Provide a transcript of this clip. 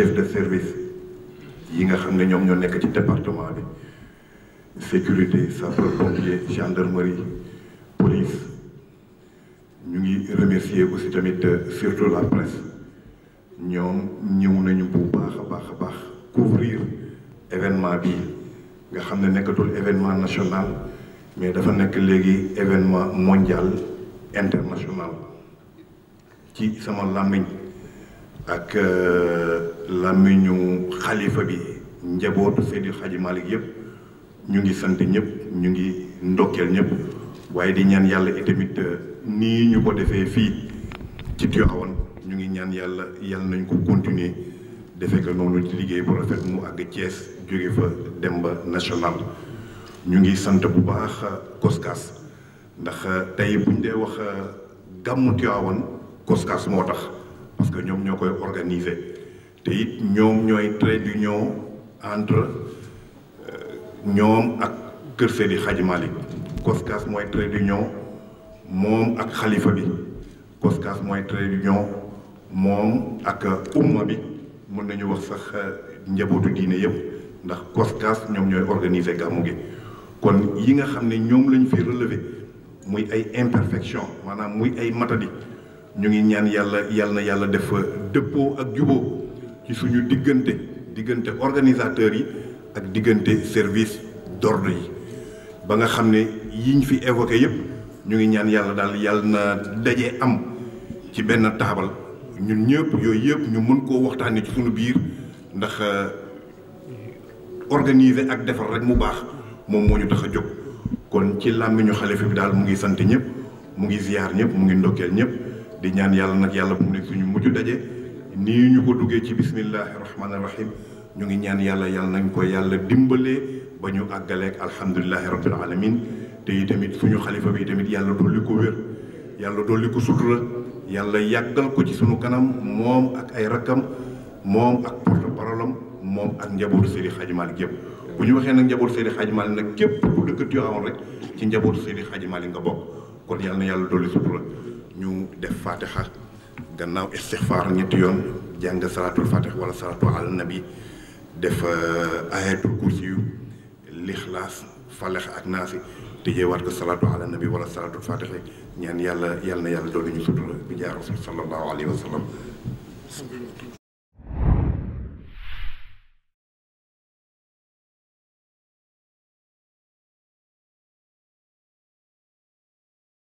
chef de service yi nga xam ne ñoom ñoo nekk ci département bi sécurité sapeur pompier gendarmerie police ñu ngi remercier aussi tamit euh, surtout la presse ñoom ñëw nañu bu baax a baax a baax couvrir événement bi nga xam ne nekkatul événement national mais dafa nekk léegi événement mondiale international ci sama làmmiñ ak euh, làmmiñu xalifa bi njabootu Seydi Hadji Malick yëpp ñu ngi sant ñëpp ñu ngi ndokkeel ñëpp waaye di ñaan yàlla itamit euh, ni ñu ko defee fii ci Tivaouane ñu ngi ñaan yàlla yàlla nañu ko continuer defee ko noonu ci liggéey bu rafet mu àgg Thiès jóge fa dem ba national ñu ngi sant bu baax euh, Koskas ndax bu buñ dee wax gàmmu Tivaouane Koskas moo tax parce que ñoom ñoo koy organiser te it ñoom ñooy trait d'union entre euh, ñoom ak Kër Seydi Hadji Malick COSCAS mooy trait d'union moom ak xalifa bi COSCAS mooy trait d'union moom ak umma bi mën nañu wax sax euh, njabootu diine yëpp ndax COSCAS ñoom ñooy organiser gàmmu gi kon yi nga xam ne ñoom lañu fi relever muy ay imperfection maanaam muy ay matadi ñu ngi ñaan yàlla yàlla na yàlla def dëppoo ak juboo ci suñu diggante diggante organisateurs yi ak diggante service d'ordre yi ba nga xam ne yiñ fi évoqué yépp ñu ngi ñaan yàlla daal yàlla na daje am ci benn taabal ñun ñëpp yooyu yëpp ñu mën koo waxtaanee ci suñu biir ndax euh, organiser ak defar rek mu baax moom moo ñu tax a jóg kon ci làmmiñu xalifa bi daal mu ngi sant ñëpp mu ngi ziyaar ñëpp mu ngi ndokkeel ñëpp. di ñaan yàlla nag yàlla bu mu su ñu mujj daje nii ñu ko duggee ci bismillahi rahmaani rahim ñu ngi ñaan yàlla yàlla nañ ko yàlla dimbalee ba ñu àggaleeg alhamdulilahi rabbil alamin te itamit suñu xalifa bi tamit yàlla dolli ko wér yàlla dolli ko sutura yàlla yàggal ko ci suñu kanam moom ak ay rakkam moom ak porte parole am moom ak njabootu Seydi Hadji Malick bu ñu waxee nag njabootu Seydi Hadji Malick nag képp ku dëkk Tiwaawan rek ci njabootu Seydi Hadji Malick nga bokk yàlla na ñu def fatiha gannaaw istixfaar ñetti yoon jàng salaatul fatiha wala salaatu ala nabi def euh, ayatul kursi yu lixlaas falex ak naasi tëjee waat ko salaatu ala nabi wala salaatul fatiha ñaan yàlla yàlla na yàlla doolu ñu sutura bi jaar rasul sallallahu alayhi wa